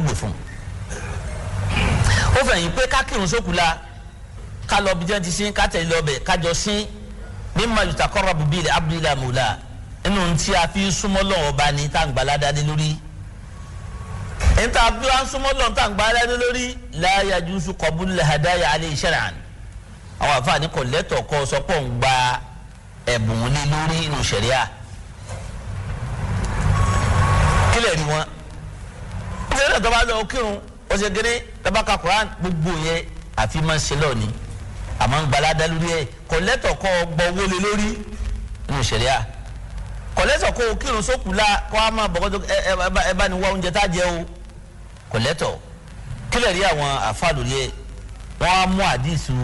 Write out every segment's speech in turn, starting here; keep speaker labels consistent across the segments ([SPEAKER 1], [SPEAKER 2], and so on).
[SPEAKER 1] gbè fún un ó fẹ̀yìn pé ká kírun sókù la ká lọ bí jẹun ti sin ká tẹ̀lé ọbẹ̀ ká jọ sin bí mayuta kọ́ra bubi abudulayi mula nínú tí a fi súnmọ́ lọ́wọ́ bá ní tá à ń gbà ládàáni lórí níta bí wọ́n súnmọ́ lọ́wọ́ tá à ń gbà ládàáni lórí láyà jùsù kọ́bùn lẹ́hàdáyà alẹ́ ìṣẹ̀rẹ̀ àná àwọn àfààní kò lẹ́tọ̀ọ́ kọ́ sọ́pọ̀ ń gba ẹ̀bùn lé lórí inú ṣẹ̀ríà kílẹ̀ rí wọn torí ẹ̀ tó bá lọ kírun ó ṣe kéré tabaka Quran gbogbo yẹn àfi máa ń ṣe lọ ni àmọ́ ń gbalada lórí ẹ̀ kọ̀lẹ́tọ̀ kọ́ gbọ́ wọlé lórí nínú ìṣẹ̀lẹ̀ à kọ̀lẹ́tọ̀ kọ́ kírun sókù la kọ́ a máa bọ̀kọ́ tó ẹ bá ní wá oúnjẹ tá a jẹ o kọ̀lẹ́tọ̀ kílẹ̀ rí àwọn àfa lórí ẹ̀ wọ́n á mú àdìsù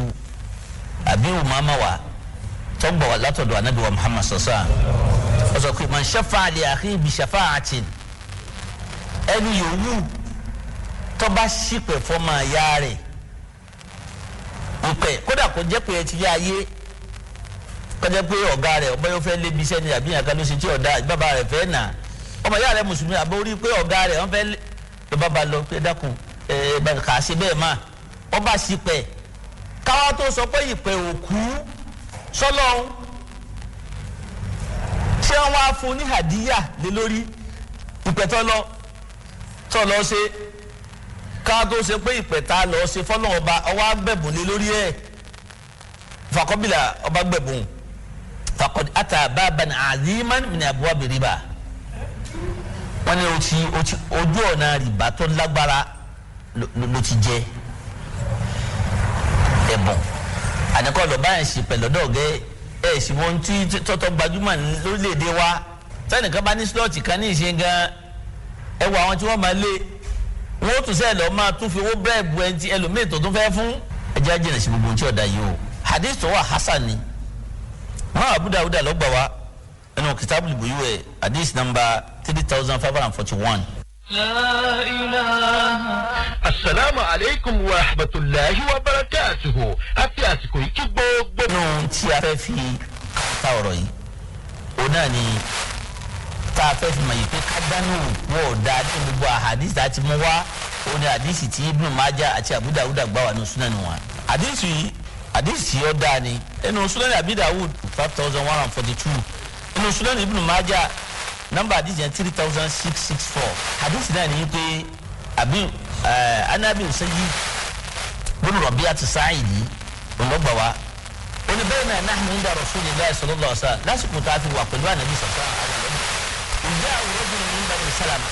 [SPEAKER 1] àbí umama wa tọ́gbọ̀ wa látọ̀dọ̀ anabi wa Muhammad sọ̀sán ọ̀sọ̀ pé man ẹni yòówù tó bá ṣìpẹ̀ fọ́mọ ìyá rẹ̀ ìpẹ́ kódà kò jẹ́ pé ẹ ti ayé kọjá pé ọ̀gá rẹ̀ ọba yóò fẹ́ lébi iṣẹ́ ni àbí ìyàká ló ṣe tí ọ̀dà bàbá rẹ̀ fẹ́ nà ọmọ ìyá mùsùlùmí àbọ̀ orí pé ọ̀gá rẹ̀ wọ́n fẹ́ lọ bàbá lọ pé dákun ẹ̀ bàbá kà á ṣe bẹ́ẹ̀ mà wọ́n bá káwá tó sọ pé tó lọ ṣe ká tó ṣe pé ìpẹ̀ta lọ ṣe fọ́nà ọba ọwọ́ abẹ́bùn lé lórí ẹ̀ fàkọ́bìlà ọba gbẹ̀bùn fàkọ́dì àtà bàbá ní àdìmán ní àbúwá bèrèbà wọ́n ní ojú ọ̀nà rìbá tó lágbára ló ti jẹ́ ẹ̀bùn àníkọ́ lọ́ba ẹ̀ sì pẹ̀lọ́dọ̀ gẹ́ ẹ̀ sì wọ́n ti tọ́tọ́ gbajúmọ̀ lórílẹ̀‐èdè wa sẹ́nìkan bá ní slọ́ọ̀tì kan ní ìṣe gan-an ẹ wọ àwọn tí wọ́n máa lé wọ́n tún sẹ́ẹ̀ lọ́ọ́ máa tún fi owó bẹ́ẹ̀bù ẹ̀ ti ẹlòmíì tó tún fẹ́ fún ẹjẹ́ àjẹnà sí gbogbo tí ọ̀dà yìí o hadith tó wà hasan ni wọ́n Abu Dawud lọ́gbà wa ẹnu kitabul buyuwe hadith number three thousand five hundred and forty one.
[SPEAKER 2] Asalaamu aleykum wa rahmatulahi wa barakatuhu. A fi àsìkò yìí kí gbogbo. Nínú tí a fẹ́ fi ta ọ̀rọ̀ yìí,
[SPEAKER 1] òun náà ni tá fẹ́ fi mọ̀ yìí pé kájánù wọn ò dáa ní gbogbo àhàdísì àti mú wá ó ní àdísì tí Ibn Majah àti Abu Dawud wà ní Sunan wọn. àdísì yìí àdísì yìí ó dáa ni ẹnu Sunan Abi Dawud five thousand one hundred forty two ẹnu Sunan Ibn Majah nọ́mbà àdísì yẹn three thousand six six four àdísì náà ní pé àbí eh, anábì ṣẹ́yí bin Rabi'ah as-Sa'idi ọlọ́gbà wa oníbẹ̀rẹ̀ náà nahnu inda Rasulillahi sallallahu alaihi wasallam lásìkò tá a fi wà pẹ̀lú ànábì sallallahu alaihi ìjẹ́ àwọn ọ̀rẹ́dùn ní bani sálámà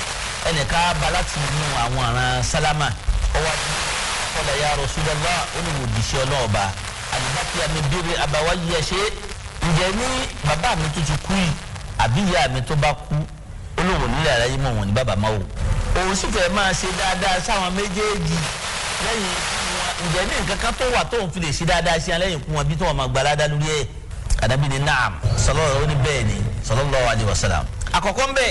[SPEAKER 1] ẹnì bá láti inú àwọn àràn sálámà ọwọ́ kọ́lá ya Rasulullah onímọ̀dìṣẹ́ ọlọ́ọ̀ba àdìbàkì àmì bírí àbáwá yíyẹ ṣe ǹjẹ́ ní bàbá mi tó ti kú yìí àbí ìyá mi tó bá kú olówó nílẹ̀ aráyé mọ̀ wọ́n ní bàbá máa wò òun sì fẹ́ máa ṣe dáadáa sáwọn méjèèjì lẹ́yìn ǹjẹ́ ní nǹkan kan tó wà tóun fi lè ṣe dáadáa sí alẹ́yìn kún wọn bí tóun máa gbalada lórí ẹ̀ àdàbí ni naam sallallahu ní bẹ́ẹ̀ ni sallallahu alaihi wasallam àkọ́kọ́ ńbẹ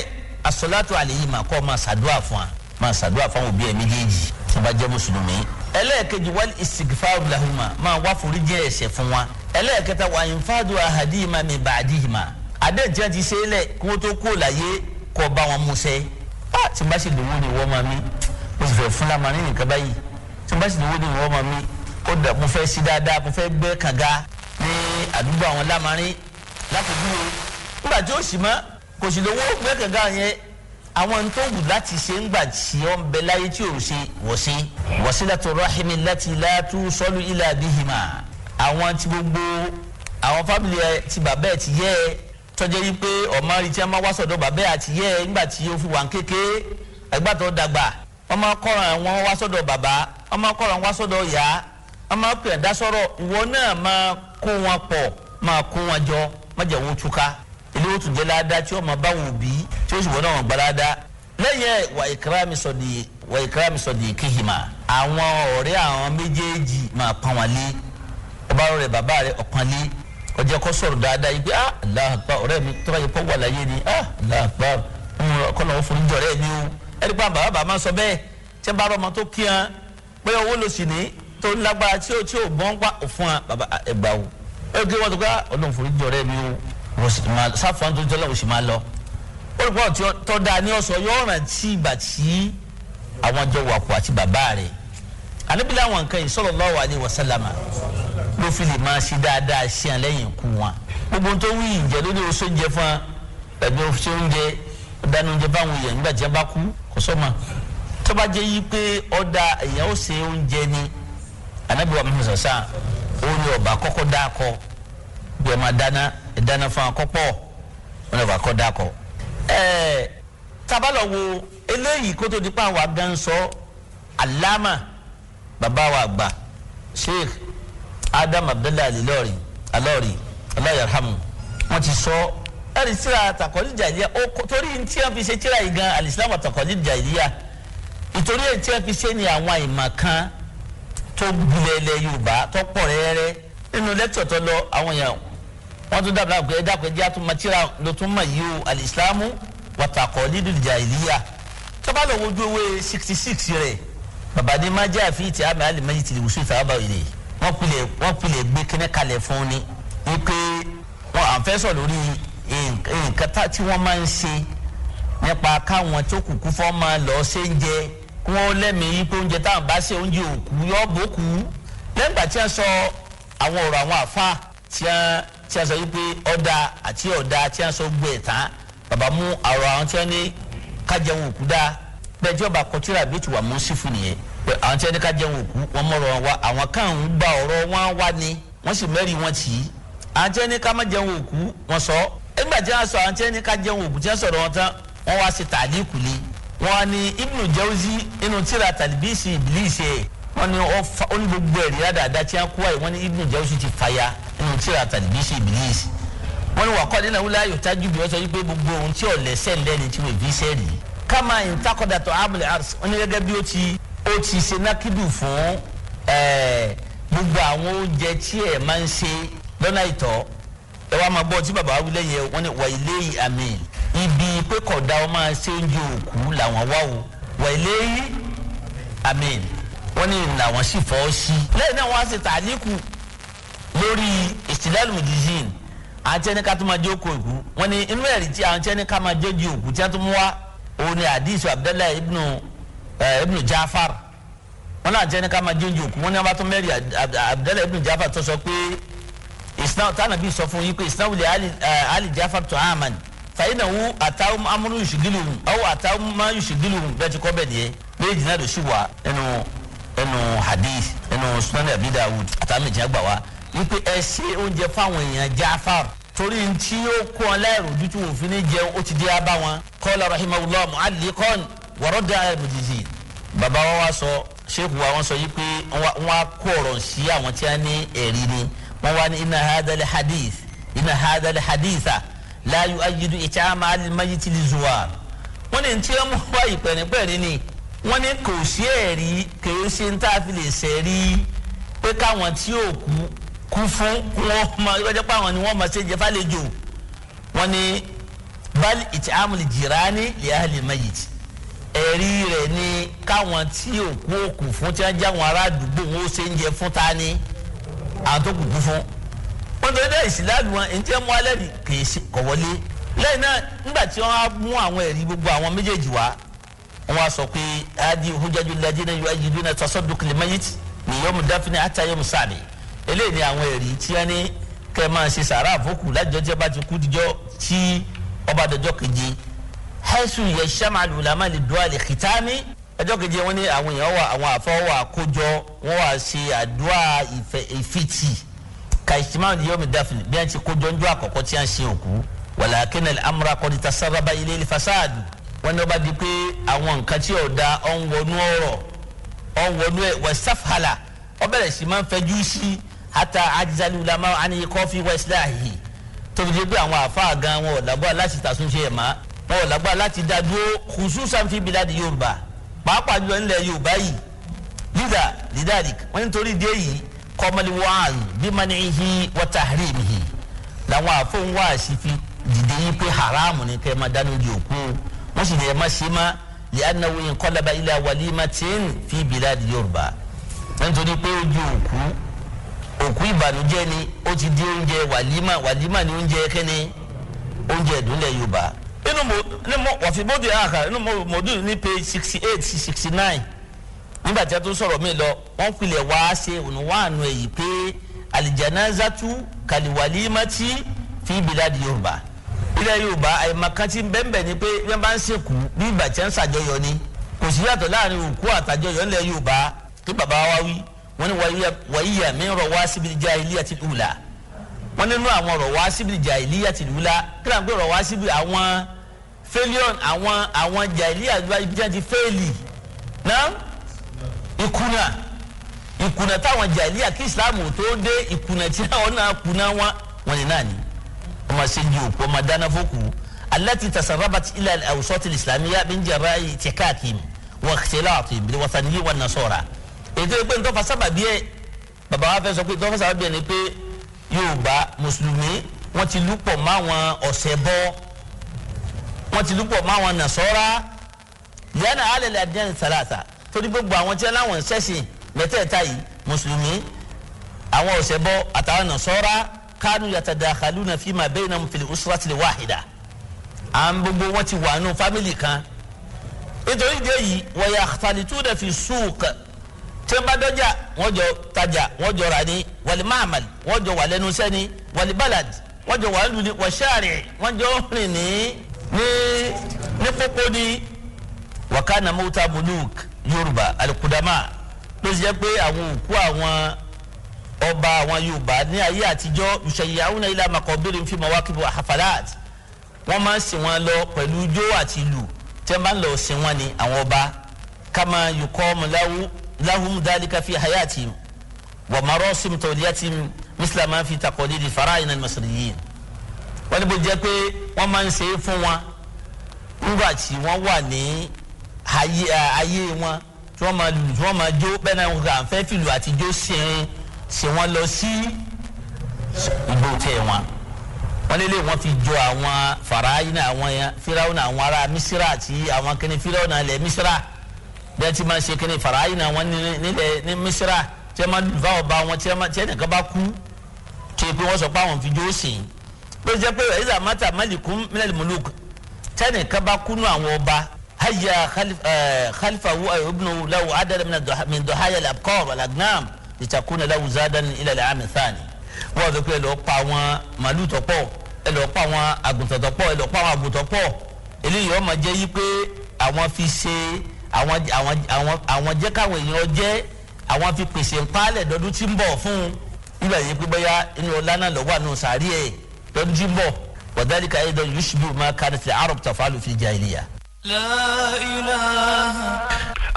[SPEAKER 1] asọ́látò àlèyé mà kọ́ máa ṣàdúrà fún wa máa ṣàdúrà fún àwọn òbí ẹ̀ méjèèjì tó bá jẹ́ mùsùlùmí. ẹlẹ́ẹ̀kejì wal istighfaru lahuma máa wá foríjì ẹ̀ṣẹ̀ fún wa. ẹlẹ́ẹ̀kẹta wà ń fàdù ahadihima min ba'dihima adéǹtí ti ṣe é lẹ̀ kí wọ́n tó kó láyé kọ́ bá wọn mú sẹ́. a ti bá ṣe lówó ni wọ́n máa mi mo sì fẹ́ fún la máa ní nìkan báyìí ti bá ṣe lówó ni wọ́n máa mi ó dà mo fẹ́ sí dáadáa mo fẹ́ gbẹ́ kànga ní àdúgbò àwọn lámarin lápòjúwe nígbà tí ó sì mọ́ kò sì lówó gbẹ́kẹ̀gá yẹn àwọn tó wù láti ṣe ń gbà tí ọ ń bẹ láyé tí ò ṣe wọ́n ṣe wasilatu rahimi láti látú sọ́lú ilẹ̀ àwọn ti gbogbo àwọn fámìlì ti bàbá ti yẹ ẹ pé máa wá sọ̀dọ̀ bàbá àti yẹ ẹ nígbà tí ó fi wà ń kéke ẹgbà tó dàgbà wọn wá sọ̀dọ̀ bàbá wá sọ̀dọ̀ ìyá pè dá jọ má jẹ́ wọn ilé ó tún jẹ́ ládàá tí ó máa báwọn òbí tí ó sì wọ́n náà wọ́n gbá ládàá lẹ́yìn ẹ̀ wà ìkírámi sọ̀dì wà ìkírámi sọ̀dì kéhìmà àwọn ọ̀rẹ́ àwọn méjèèjì máa pọ́n wọn lé ọba rẹ̀ bàbá rẹ̀ ọ̀pọ̀n lé ọjọ́ kọ́ sọ̀rọ̀ dáadáa yìí pé ah Allahu Akbar ọ̀rẹ́ mi tọ́ka yìí pọ́ wà láyé ni ah Allahu Akbar kọ́nà ó forí jọ̀rẹ́ mi o ẹni pé bàbá bàbá máa sọ bẹ́ẹ̀ tí wọ́n bá rọ ọmọ tó kí hàn pé owó ló sì ní tó lágbára tí ó tí ó bọ́n pa òfun hàn bàbá ah, ẹgbàá o kí wọ́n tó ká ọlọ́run forí jọ̀rẹ́ mi o sáfù àwọn tó ń tọ́lá òsì máa lọ olùkọ́ tó dáa ní ọ̀sọ̀ yóò rántí ìgbà tí àwọn jọ wà pọ̀ àti bàbá rẹ̀ ànábì láwọn nǹkan yìí sallallahu alaihi wasallam ló fi lè máa ṣe dáadáa sí à lẹ́yìn ikú wọn gbogbo tó wí ìjẹ́ lórí oṣù oúnjẹ fún wa oṣù oúnjẹ dánú oúnjẹ báwọn èèyàn nígbà tí wọ́n bá kú kò sọ́mà tó bá jẹ́ yí pé ọ̀dà èèyàn ó ṣe oúnjẹ ni ànábì wa mọ̀ sàn ó ní ọ̀bà kọ́kọ́ dáa kọ bí ọ máa dáná ìdáná fún akọ́pọ̀ wọn lè wà kọ́ dákọ̀. ẹ̀ẹ́ tabalọ̀ wo eléyìí kó tó di pa àwọn agan sọ alama bàbá wa àgbà sheikh adam abdullahi alilori alori Allah yarhamu wọn ti sọ ẹni tíra takọlí jàdíyà torí tí wọn fi ṣe tíra yìí gan alisilamu takọlí jàdíyà ìtorí ẹ̀ tí wọn fi ṣe ni àwọn ìmọ̀ kan tó gbilẹ̀ ilẹ̀ yorùbá tó pọ̀ rẹ́rẹ́ nínú lẹ́tọ̀ tó lọ àwọn èèyàn wọ́n tún dàbí àgbẹ̀ dàpẹ̀ díẹ̀ tó ma tíra ló tún mọ̀ yìí o alìsílámù wàtàkọ́ lídùn ìjà ìlíyà lọ wojú ewé sixty six rẹ̀ babade májá àfi ti àmì alimẹ́jì ti wùsùn ìtàbà ìlè wọ́n pilẹ̀ wọ́n pilẹ̀ gbé kíní kalẹ̀ fún ni wípé wọ́n àfẹ́sọ̀ lórí nǹkan tí wọ́n máa ń ṣe nípa káwọn tó kùkú fọ́ máa lọ ṣe kí wọ́n lẹ́mìí pé oúnjẹ táwọn bá ṣe oúnjẹ òkú yọ bókú lẹ́gbàá tí wọ́n sọ àwọn ọ̀rọ̀ àwọn àfa tí wọ́n tí a sọ wípé ọ̀dà àti ọ̀dà tí a sọ gbé ẹ̀ tán bàbá mú àrò àwọn tí wọ́n ní kájẹun òkú dáa bẹ́ẹ̀ tí ọba kọtíra bí tiwa mú sí fún nìyẹn pé àwọn tí wọ́n ní kájẹun òkú wọ́n mọ̀rọ̀ wọn wá àwọn kan gba ọ̀rọ̀ wọn wá ni wọ́n sì mẹ́rin wọn tì í àwọn tí wọ́n ní ká má jẹun òkú wọn sọ nígbà tí wọ́n sọ àwọn tí wọ́n ní ká òkú tí wọ́n sọ̀rọ̀ wọn tán wọ́n wá sí tàdí kùlé wọ́n ní Ibnu Jawzi inú tíra tàlíbísì ìbílísì ẹ̀ wọ́n ní gbogbo ẹ̀rí ládàáda tí wọ́n kú wáyé wọ́n ní Ibnu Jawzi ti fàyà nínú tíra tàdíbísì ìbílíìsì wọn ni wàkọ́ nínú wúlá yóò tájú bí wọ́n sọ wípé gbogbo ohun tí ọ̀lẹ́sẹ̀ lẹ́ni tí wọ́n fi sẹ́ẹ̀lì kama ìtakọ̀dà tó abúlé ars wọn ni gẹ́gẹ́ bí ó ti ó ti ṣe nákìdù fún gbogbo àwọn oúnjẹ tí ẹ̀ máa ń ṣe lọ́nà ìtọ́ ẹ wá máa bọ́ tí bàbá wa wílẹ̀ wọ́n ní wà ilé yìí àmì ibi pé kọ̀dá ọ máa ṣe oúnjẹ òkú làwọn wá o wà ilé yìí àmì wọ́n ní làwọn sì fọ́ sí lẹ́yìn náà wọ́n á ṣe tàníkù lórí ìsìlẹ́lù medizin àwọn tí ẹni ká tó máa jẹ́ òkú òkú wọn ni inú ẹ̀rí tí àwọn ká máa jẹ́ di òkú tí wọ́n tó mú wá òun ni àdìsù abdullahi ibnu ibnu jafar wọn náà tí ẹni ká máa jẹ́ di òkú wọn ni wọn bá tó mẹ́rin abdullahi ibnu jafar tó sọ pé islam tánà bí sọ fún yín pé islam wulẹ̀ ali jafar tó hàmán fàyínà wú àtàwọn amúnú yusùgìlùm ọwọ́ àtàwọn má yusùgìlùm bẹ́ẹ̀ ti kọ́ bẹ́ẹ̀ nìyẹn méjì náà lè ṣùgbọ́n ẹnu ẹnu hadith ẹnu sunan abi àtàwọn méjì náà gbà wípé ẹ ṣe oúnjẹ fáwọn èèyàn Jaafar torí tí ó kó ọ lẹ́rù ojú tí wọ́n fi ní jẹun ó ti di abá wọn kọ́lá rahimahullah mu'alliqan wọ́rọ́dà al-mujizin bàbá wa wá sọ sheikh wa wọn sọ yìí pé wọn á kó ọ̀rọ̀ sí àwọn tí a ní ẹ̀rí ni wọn wá ní iná hadal hadith iná hadal haditha la yu'ayyidu it'ama al-mayyit li-zuwar wọn ní tí wọn wá ìpẹ̀rẹ̀pẹ̀rẹ̀ ni wọn ní kò sí ẹ̀rí kò sí ní kú fún wọn ma ìgbàjẹ́ pé àwọn ni wọ́n ma ṣe jẹ́ fàlejò wọn ni bali ìtì amúlì jìrání lìhálì mayit ẹ̀rí rẹ̀ ni káwọn tí òkú òkú fún tí wọ́n jẹ́ àwọn ará àdúgbò wọn ó ṣe ń jẹ fún ta ni àwọn tó kù kú fún wọn tó dé ìsìláàdù wọn èyí tí wọ́n mú alẹ́ rí kìí ṣe kọ̀ wọlé náà nígbà tí wọ́n á mú àwọn ẹ̀rí gbogbo àwọn méjèèjì wá wọ́n á sọ pé adi hujjaju lajina yu'ajiduna tasadduq limayit ni yawm dafni hatta yawm eléyìí ni àwọn ẹ̀rí tí wọ́n ní kẹ́ máa ṣe sàrà àfọ́kù lájọ́ tí ọba ti kú díjọ́ tí ọba dọjọ́ keje hẹ́sù yẹ sẹ́màlù làmà lè dùn àlè kìtàmì ọjọ́ keje wọn ní àwọn èèyàn wà àwọn àfọ́ àkójọ wọn wà ṣe àdúrà ìfìtì kàìsìmáà ni yóò mi dáfìlì bí wọ́n ti kójọ ń jọ àkọ́kọ́ tí wọ́n ṣe òkú wàlàkínà amúra kọ́ni tasaraba ilé ilé fasáàdù wọn ní ọba di pé àwọn nǹkan tí ò da ọ̀n wọnú ọ̀rọ̀ ọ̀n wọnú ẹ̀ wẹ̀ sáfàlà ọbẹ̀rẹ̀ sì máa ń fẹjú sí i hata ajizali ulama ani kọfi wa islahi tóbi dé pé àwọn àfa gan wọn ò lágbára láti tàtúnṣe ẹ̀ má wọn ò lágbára láti dá dúró kùsù sanfi biladi yorùbá pàápàá jùlọ nílẹ̀ yorùbá yìí lídà lidalik wọn nítorí dé yìí kọ́mọlì wàhán bímani ihi wọ́tà hírìmì làwọn àfọ̀n wá sí fi dìde yìí pé haramu ni kẹ́ ẹ dánú di òkú wọ́n sì ní ẹ ṣe má lè anáwó yẹn kọ́lába ilé awàlí má fi biladi yorùbá wọn nítorí pé ó di òkú òkú ìbànújẹ́ ni ó ti di oúnjẹ wàlímà wàlímà ni oúnjẹ kẹ́ni oúnjẹ ìdúnlẹ̀ yorùbá nínú mo ní mo wàfi bóde àkà nínú mo mòdù ní page sixty eight sixty nine nígbà tí a tún sọ̀rọ̀ mi lọ wọ́n pilẹ̀ wá ṣe ònúwàánu èyí pé alìjánázátú kàlíwàlímàtì fi bíládì yorùbá ilẹ̀ yorùbá àyèmàkan ti bẹ́ẹ̀nbẹ́ ni pé bí wọ́n bá ń sèkú bí ìgbà tí wọ́n ń ṣàjọyọ̀ ni kò sí yàtọ̀ láàrin òkú àtàjọyọ̀ ńlẹ̀ yorùbá kí bàbá wa wí wọ́n ní wàyíyà mi rọ̀ wá síbi ìjà ilé àti ìlúla wọ́n nínú àwọn rọ̀ wá síbi ìjà ilé àti ìlúla kíra ń pè rọ̀ wá síbi àwọn failure àwọn àwọn ìjà ilé àti ìjà ti fẹ́ẹ̀lì náà ìkùnà ìkùnà táwọn ìjà ilé àti ìsìlámù tó dé ìkùnà tí wọ́n náà kùnà wọn wọ́n ní náà ni wọ́n máa ṣe ju òkú wọ́n máa dáná fókù alati tasarabat ila awusɔti islamiyya bin jarayi tikakim wa ikhtilaati bil wasaniyyi wa nasora ètò ìpè ntọ́fà sábàbí ẹ̀ bàbá wa fẹ́ sọ pé ntọ́fà sábàbí ẹ̀ ni pé Yorùbá mùsùlùmí wọ́n ti lúpọ̀ máwọn ọ̀sẹ̀ bọ́ wọ́n ti lúpọ̀ máwọn nàṣọ́ra yánà alẹ́ ladíyàn sàlàsà torí gbogbo àwọn tí wọ́n láwọn ń ṣẹ̀sìn mẹ́tẹ̀ẹ̀ta yìí mùsùlùmí àwọn ọ̀sẹ̀ bọ́ àtàwọn nàṣọ́ra kánú yatadakhaluna fima bainahum fil usratil wahida àwọn gbogbo wọ́n ti wà nù fámìlì kan nítorí ìdí èyìí wa yakhtalituna fi suq tí wọ́n bá dọ́jà wọ́n jọ tajà wọ́n jọ rà ní wàlí mahamad wọ́n jọ wà lẹ́nu sẹ́ni wàlí balad wọ́n jọ wà lùdí wàṣáàrẹ̀ wọ́n jọ rìn ní ní ní pópó ní wakana mota muluk yorùbá alikudama ló ti jẹ́ pé àwọn òkú àwọn ọba àwọn yorùbá ní ayé àtijọ́ ìṣẹ̀yàwó ilé amakọ̀bìrì ń fi mọ̀ wákìbọ̀ hafalat wọ́n máa ń sìn wọn lọ pẹ̀lú ijó àti ìlù tí wọ́n bá ń lọ sìn wọn ni àwọn ọba kama yukọ́ mọ̀láwù lahum dhalika fi hayatihim wa marosim tawliyatihim misla ma fi taqlidi fara'ina al-masriyin wọ́n ní bó jẹ́ pé wọ́n máa ń ṣe é fún wọn nígbà tí wọ́n wà ní ayé wọn tí wọ́n máa lù tí wọ́n máa jó bẹ́ẹ̀ náà kà ń fẹ́ fìlù àti jó sìn wọn lọ sí ìgbò tẹ̀ wọn wọ́n lé lé fi jọ àwọn fara'ina àwọn Firawuna àwọn ará Misira àti àwọn kìnnìún Firawuna ilẹ̀ Misira bí ẹ ti máa ṣe kíni fàráyìn náà wọn nílẹ̀ ní Mísírà tí ẹ máa dùn fáwọn ọba wọn tí ẹ máa tí ẹ nìkan bá kú tó yẹ pé wọ́n sọ pé àwọn fi jó sìn ló jẹ́ pé ẹ̀yẹ́dà mata malikun mílẹ̀lì muluk tí ẹ nìkan bá kú àwọn ọba haya khalifa eh, wu eh, ibnu lawu adada min dohaya labkor alagnam ìtakùnà lawu zadan ilẹ̀ amithani wọ́n sọ pé ẹ lọ́ọ́ pa àwọn màlúù tó pọ̀ ẹ lọ́ọ́ pa àwọn àgùntàn tó pọ̀ ẹ lọ́ọ́ pa àwọn àgùntàn pọ̀ eléyìí wọ́n jẹ́ yí pé àwọn fi ṣe àwọn àwọn àwọn àwọn jẹ́ káwọn èèyàn jẹ́ àwọn fi pèsè ńpalẹ̀ dọ́dún tí ń bọ̀ fún un yìí pé bóyá inú ọlá náà lọ́wọ́ àánú sàárì ẹ̀ dọ́dún tí ń bọ̀ wàdálíkà ayédọ̀ yusufu
[SPEAKER 2] máa kárí ti arab tafalu fi jahiliya.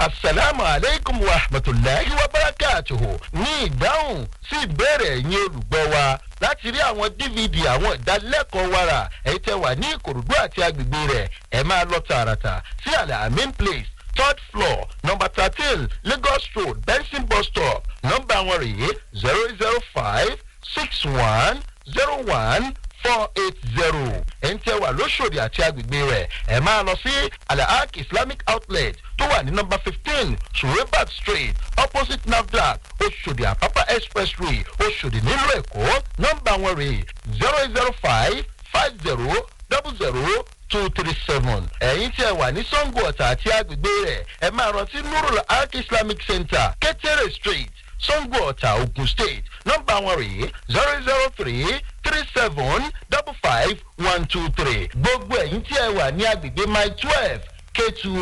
[SPEAKER 2] asalaamu aleykum wa rahmatulahi wa barakatuhu ní ìdáhùn sí ìbéèrè ẹ̀yin olùgbọ́ wa láti rí àwọn dvd àwọn ìdálẹ́kọ̀ọ́ wàrà ẹ̀ tẹ́ wà ní ìkòròdú àti agbègbè rẹ̀ ẹ̀ máa lọ tààràtà sí alamin place third floor number thirteen lagos road benson bus stop nọ́mbà wọn rèé zero zero five six one zero one four eight zero ẹ̀ń tí ẹ wà lóṣòdì àti agbègbè rẹ̀ ẹ̀ máa lọ sí alahak islamic outlet tó wà ní nọ́mbà fifteen surebat street opposite nafdac oṣòdì àpápá expressway oṣòdì nílùú èkó nọ́mbà wọn rèé zero zero five five zero double zero two three seven ẹ̀yin tí ẹ wà ní sango ọ̀tà àti agbègbè rẹ̀ ẹ máa rántí nurul ark islamic center ketere street sango ọ̀tà ogun state nọ́mbà wọn rèé zero zero three three seven double five one two three gbogbo ẹ̀yin tí ẹ wà ní agbègbè mile twelve ketu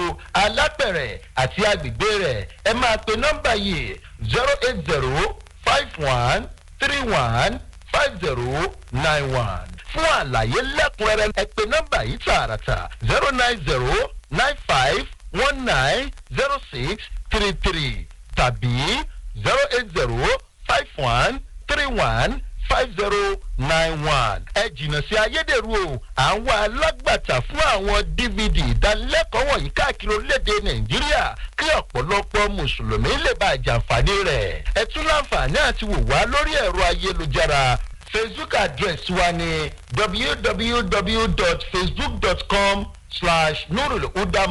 [SPEAKER 2] alápẹ̀rẹ̀ àti agbègbè rẹ̀ ẹ máa pe nọ́mbà yìí zero eight zero five one three one five zero nine one fún àlàyé lẹ́kùnrẹ́rẹ́ ẹ pè nọ́mbà yìí tààràtà zero nine zero nine five one nine zero six three three tàbí zero eight zero five one three one five zero nine one. ẹ jìnnà sí ayédèrú o àwọn alágbàtà fún àwọn dvd ìdánilẹ́kọ̀ọ́ wọ̀nyí káàkiri orílẹ̀-èdè nàìjíríà kí ọ̀pọ̀lọpọ̀ mùsùlùmí lè bá àjàǹfààní rẹ̀. ẹ tún láǹfààní àti wò wá lórí ẹ̀rọ ayélujára facebook address wa ni www.facebook.com slash nurul huda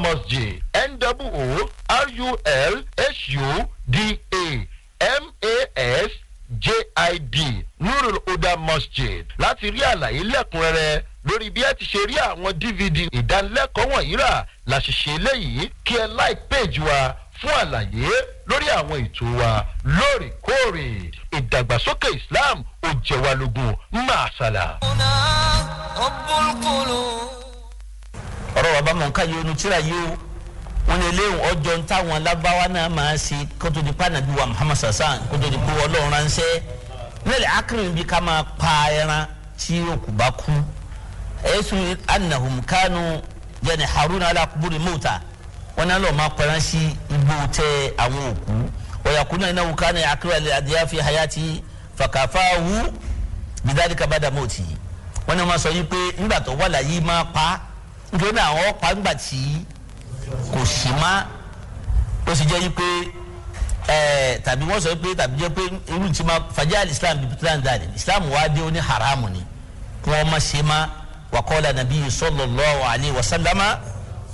[SPEAKER 2] n w o r u l h u d a m a s j i d nurul huda mosjid láti rí àlàyé lẹ́kùnrẹ́rẹ́ lórí bí ẹ ti ṣe rí àwọn dvd ìdánilẹ́kọ̀ọ́ wọ̀nyí rà làṣìṣe eléyìí kí ẹ like page wa fún àlàyé lórí àwọn ètò wa lóòrèkóòrè ìdàgbàsókè islam ò jẹ́ wa lógún máa ṣàlà.
[SPEAKER 1] ọ̀rọ̀ bàbá mọ̀ọ́ká yìí onu tíra yìí o wọn ní eléyìí ọjọ́ ń táwọn lábáwá náà máa ṣe kótó di pa nàbí wa muhammad sassan kótó di pé ọlọ́run ránṣẹ́ nílẹ̀ akérèmí bí ká máa pa ẹran tí òkú bá kú ẹ̀sùn anahum yẹn ni haruna alakuburi mọ́ta wọn náà lọ́ọ́ máa pẹ̀rán sí igbó tẹ àwọn òkú ọ̀yàkùnà iná wù ká ní akérèlè adìyẹ fi hayati fàkàfà wù bidari kabada mọ́ọ̀tì wọn náà máa sọ yìí pé nígbà tó wà láyé máa pa nítorí náà àwọn pa nígbà tí kò sí má ó sì jẹ́ yìí pé ẹ̀ẹ́ tàbí wọ́n sọ pé tàbí jẹ́ pé irú tí ma fàjà islam bíi plan dàdí islam wàá dé ó ní haramu ni kí wọ́n má ṣe má wàkọ́lá nàbí sallallahu alaihi wasallama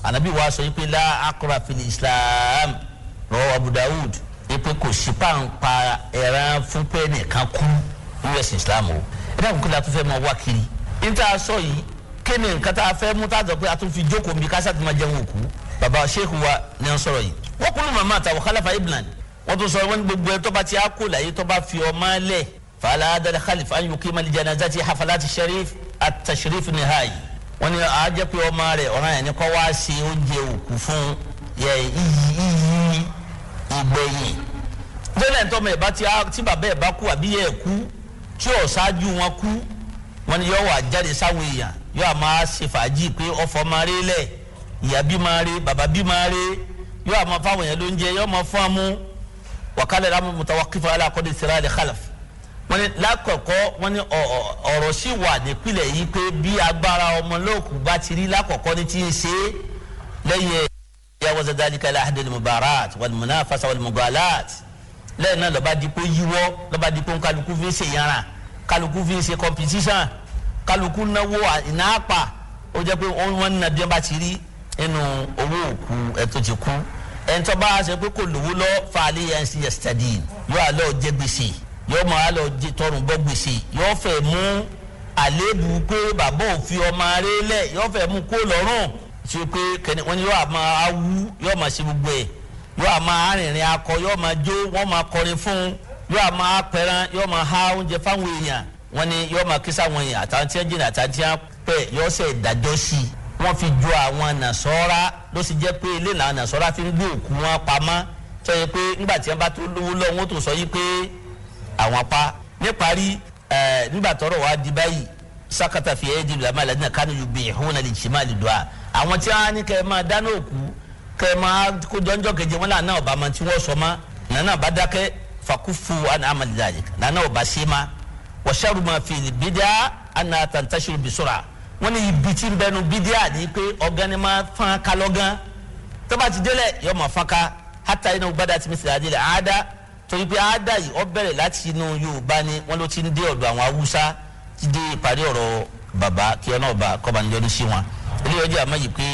[SPEAKER 1] anabi wa sọ pé la akora fili islam rọwọ abu dawud pé kò sí pàǹpà ẹran fún pé nìkan kú nínú ẹ̀sìn islam o ẹ dákun kí la tún fẹ́ máa wá kiri níta sọ yìí kí ni nǹkan tá fẹ́ mú tá a jọ pé a tún fi jókòó mi ká sàtìmá jẹun òkú baba sheikh wa ni wọ́n sọ̀rọ̀ yìí wọ́n kúrò màmá àtàwọn kálàfà ibnan wọ́n tún sọ wọ́n ní gbogbo ẹ tó bá ti á kó láyé tó bá fi ọmọ lẹ̀ fàlàdàlẹ̀ khalif an yukima li janazati hafalati sharif at-tashrif nihai wọ́n ní àájẹ́ pé ọmọ rẹ̀ ọ̀ràn yẹn ni kọ́ wá ṣe oúnjẹ òkú fún yẹ iyì ìgbẹ̀yìn bẹ́ẹ̀ tọ́mọ ẹ̀ bá tí bàbá ẹ̀ bá kú àbí yẹ ẹ̀ kú tí ò ṣáájú wọn kú wọ́n ní yọ wà jáde sáwọn èèyàn yọ à máa ṣe fàájì pé ọfọ máa rí lẹ̀ ìyá bí máa rí bàbá bí máa rí yọ à fáwọn èèyàn lóúnjẹ yọ máa fún amú wàkálẹ̀ rámú mutawakifa alákọ̀dé sira wọ́n ní lákọ̀ọ́kọ́ wọ́n ní ọ̀rọ̀ sì wà nípìnlẹ̀ yìí pé bí agbára ọmọlọ́ọ̀kù bá ti rí lákọ̀ọ́kọ́ ní ti ń ṣe é lẹ́yìn ẹ̀ yàwọ́ zazalika lahadil mubarat wal munafasa wal mugalat lẹ́yìn náà lọ́ba dípò yíwọ́ lọ́ba dípò kálukú fi ń ṣe yàrá kálukú fi ń ṣe competition kálukú náwó ìnáàpà ó jẹ́ pé wọ́n nà bí wọ́n bá ti rí nínú owó òkú ẹ̀ tó ti yóò mọ alọ tọrùn bọ gbèsè yóò fẹ́ mú àléébù pé bàbá òfin ọmọ aré lẹ yóò fẹ́ mú kó lọ́rùn tí o pé kẹni wọn ni yóò máa wú yóò máa ṣe gbogbo ẹ yóò máa arìnrìn akọ yóò máa jó wọn máa kọrin fún un yóò máa pẹran yóò máa ha oúnjẹ fáwọn èèyàn wọn ni yóò máa kí sáwọn èèyàn àtàwọn tí wọn jìnnà àtàwọn tí wọn pẹ yóò ṣe ìdájọ́ sí i wọ́n fi ju àwọn nàṣọ́ra ló sì jẹ́ pé ilé làwọn nàṣọ́ra fi ń gbé òkú wọn pamọ́ tó yẹ pé nígbà tí wọ́n bá tó lówó lọ́wọ́ tó sọ yìí pé àwọn apá níparí ẹ nígbà tọ́rọ̀ wa di báyìí sakata fi ẹ́ di lamá ladina kánú yóò gbìyànjú hàn lè jì má lè do a àwọn tí wọn ní kẹ ẹ máa dáná òkú kẹ ẹ máa kó jọ́njọ́ keje wọn lànà ọba máa tí wọ́n sọ ma nana ọba dákẹ́ fakufu ana amalilali nana ọba se ma wàṣàrù máa fi bidia ana tantasiru bisura wọn ni ibi tí ń bẹnu bidia ni pé ọgán ni máa fọn kalọ́gán tó bá ti délẹ̀ yọ máa fọn ká hata iná gbádà tí mi sì torí pé àádá yìí ó bẹ̀rẹ̀ láti inú yorùbá ni wọ́n ló ti ń dé ọ̀dọ̀ àwọn haúsá ti dé ìparí ọ̀rọ̀ bàbá kí ọ náà kọ́ba ní yọrí sí wọn eléyìí ọjọ́ àmọ́yìí pé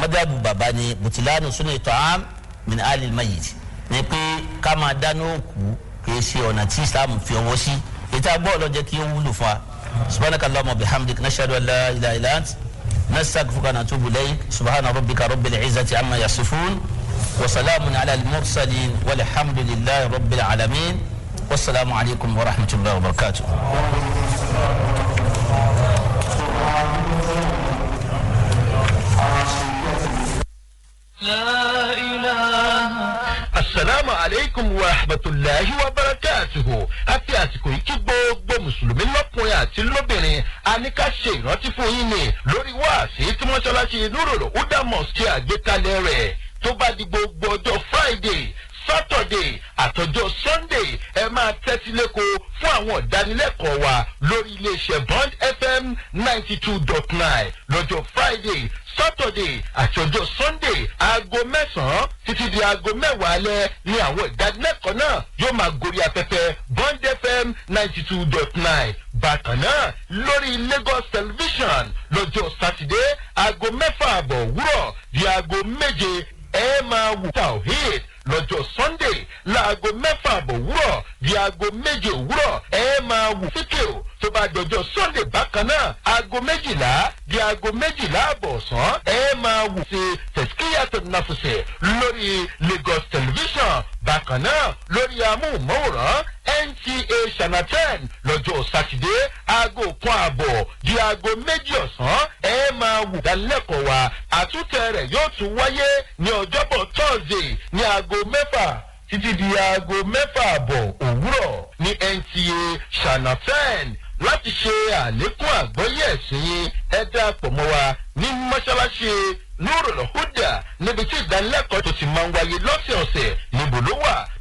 [SPEAKER 1] mọ́dàbù bàbá ni bùtìlánù sunu ta'am min alil mayit ni pé ká máa dáná òkú kì í ṣe ọ̀nà tí islam fi ọwọ́ sí ìta gbọ́ ọlọ́jẹ́ kí ó wúlò fún wa subhanaka allahumma bihamdik nashhadu an la ilaha illa ant nastaghfiruka wa natubu ilayk subhana rabbika rabbil izzati amma yasifun. وسلام على المرسلين والحمد لله رب العالمين والسلام عليكم ورحمة الله وبركاته
[SPEAKER 2] لا إله السلام عليكم ورحمة الله وبركاته أفي أسكو يكبو بمسلم اللقويا تلو بني أني كاشي نتفو إني لوري واسي تمشالاشي نورولو ودا موسكي أجي كاليري tó bá di gbogbo ọjọ́ friday saturday àtọjọ́ sunday ẹ máa tẹ́tí lẹ́kọ̀ọ́ fún àwọn ìdánilẹ́kọ̀ọ́ wa lórí iléeṣẹ́ bond fm ninety two dot nine lọ́jọ́ friday saturday àtọjọ́ sunday aago mẹ́sàn-án títí di aago mẹ́wàá alẹ́ ni àwọn ìdánilẹ́kọ̀ọ́ náà yóò máa gorí afẹ́fẹ́ bond fm ninety two dot nine bákan náà lórí lagos television lọ́jọ́ saturday aago mẹ́fà àbọ̀ òwúrọ̀ di aago méje é mau. Talvez lọ́jọ́ sunday láago mẹ́fà àbọ̀ òwúrọ̀ di aago méje òwúrọ̀ ẹ máa wò fíkìrò tó bá dọjọ́ sunday bákan náà aago méjìlá di aago méjìlá àbọ̀ ọ̀sán ẹ máa wò sí tẹ̀síkíyàtò nàfẹ̀sẹ̀ lórí lagos television bákan náà lórí amóhùnmáwòrán nta channel ten lọ́jọ́ sátidé aago kan àbọ̀ di aago méjì ọ̀sán ẹ máa wò dálẹ́kọ̀ọ́ wa àtúntẹ̀ rẹ̀ yóò tún wáyé ní ọjọ́bọ̀ thursday ní aago mẹ́fà títí di aago mẹ́fà àbọ̀ òwúrọ̀ ní nta channel ten láti ṣe àlékún àgbọ́yé ẹ̀sìn yín ẹ ní mọ́ṣáláṣí nurul huda níbi tí ìdánilẹ́kọ̀ọ́ tó ti máa ń wáyé lọ́sẹ̀ọ̀sẹ̀ níbo ló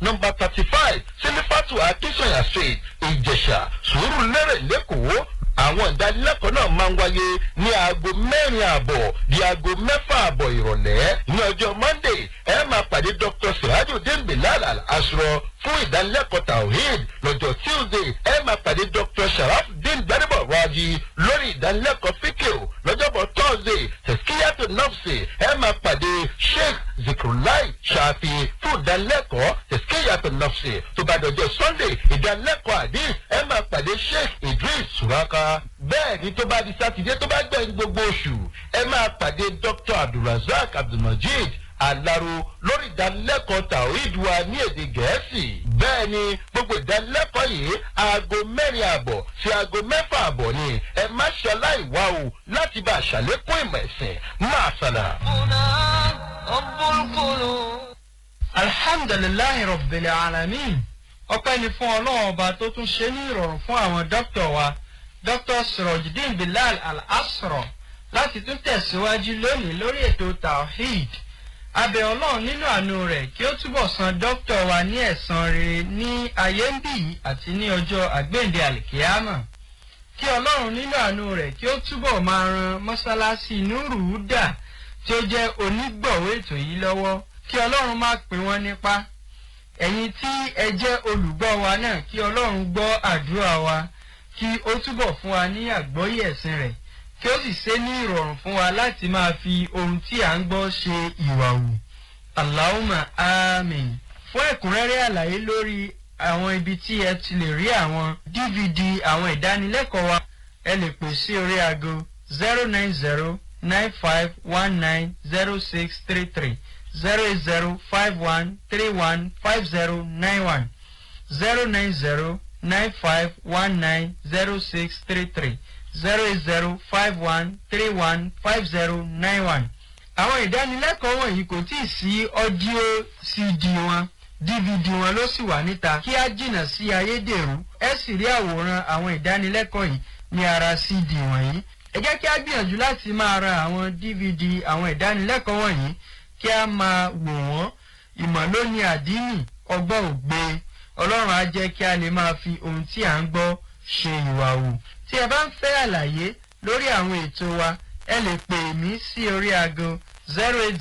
[SPEAKER 2] nọmba thirty five sílífàtù akínsọ̀yà street ìjẹ̀ṣà sùúrù lérè lẹ́kọ̀ọ́ àwọn ìdánilẹ́kọ̀ọ́ náà máa ń wáyé ní aago mẹ́rin ààbọ̀ di aago mẹ́fà ààbọ̀ ìrọ̀lẹ́ ní ọjọ́ monday ẹ máa pàdé dr sirajudeen bilal al-asro fún ìdánilẹ́kọ̀ọ́ tawhid lọ́jọ́ tuesday ẹ máa pàdé dr sharafdin gbadebo raji lórí ìdánilẹ́kọ̀ọ́ fíkìl lọ́jọ́bọ̀ thursday tẹ̀síkíyàtò nọ́ọ̀sì ẹ máa pàdé sheikh zikrulai ṣàfi fún ìdánilẹ́kọ̀ọ́ tẹ̀síkíyàtò nọ́ọ̀sì tó bá dọ̀jọ́ sunday ìdánilẹ́kọ̀ọ́ àdín ẹ máa pàdé sheikh idris suraka bẹ́ẹ̀ ni tó bá di sátidé tó bá gbẹ̀yìn gbogbo oṣù ẹ máa pàdé dr abdulrasaq abdulmajid alaro lórí ìdánilẹ́kọ̀ọ́ tawhid wa ní èdè gẹ̀ẹ́sì bẹ́ẹ̀ ni gbogbo ìdánilẹ́kọ̀ọ́ yìí aago mẹ́rin àbọ̀ sí aago mẹ́fà àbọ̀ ni ẹ má ṣe aláìwá o láti bá àṣàlékún ìmọ̀ ẹ̀sìn máa sànà.
[SPEAKER 3] alhamdulilayi rabbil alamin ọpẹ́ ni fún ọlọ́run ọba tó tún ṣe ní ìrọ̀rùn fún àwọn dókítà wa dókítà sirojidin bilal al-asra láti tún tẹ̀síwájú lónìí lórí ètò tawhid abẹ ọlọ́run nínú àánú rẹ̀ kí ó túbọ̀ san dókítà wa ní ẹ̀san rere ní ayé ń bì yìí àti ní ọjọ́ àgbéǹde àlìkíyàmà kí ọlọ́run nínú àánú rẹ̀ kí ó túbọ̀ máa ran mọ́ṣáláṣí núrù dà tí ó jẹ́ onígbọ̀wé ètò yìí lọ́wọ́ kí ọlọ́run má pín wọ́n nípa ẹ̀yin tí ẹ jẹ́ olùgbọ́ wa náà kí ọlọ́run gbọ́ àdúrà wa kí ó túbọ̀ fún wa ní àgbọ́yé ẹ̀sìn rẹ̀ kí ó sì ṣe ní ìrọ̀rùn fún wa láti máa fi ohun tí à ń gbọ́ ṣe ìwà wù aláwùmọ̀ amín fún ẹ̀kúnrẹ́rẹ́ àlàyé lórí àwọn ibi tí ẹ ti lè rí àwọn dvd àwọn ìdánilẹ́kọ̀ọ́ wa ẹ lè pè sí orí aago zero nine zero nine five one nine zero six three three zero eight zero five one three one five zero nine one zero nine zero nine five one nine zero six three three zero zero five one three one five zero nine one. àwọn ìdánilẹ́kọ̀ọ́ wọ̀nyí kò tí ì sí ọ́díò cd wọn dvd wọn ló sì wà níta kí á jìnnà sí ayédèrú ẹ sì rí àwòrán àwọn ìdánilẹ́kọ̀ọ́ yìí ní ara cd wọ̀nyí. ẹ jẹ́ kí á gbìyànjú láti máa ra àwọn dvd àwọn ìdánilẹ́kọ̀ọ́ wọ̀nyí kí á máa wò wọ́n ìmọ̀ ló ní àdínì ọgbọ́n ògbe ọlọ́run á jẹ́ kí a lè máa fi ohun tí à ń gbọ́ ṣe ìwà wò tí ẹ bá ń fẹ́ àlàyé lórí àwọn ètò wa ẹ lè pè mí sí orí aago zero eight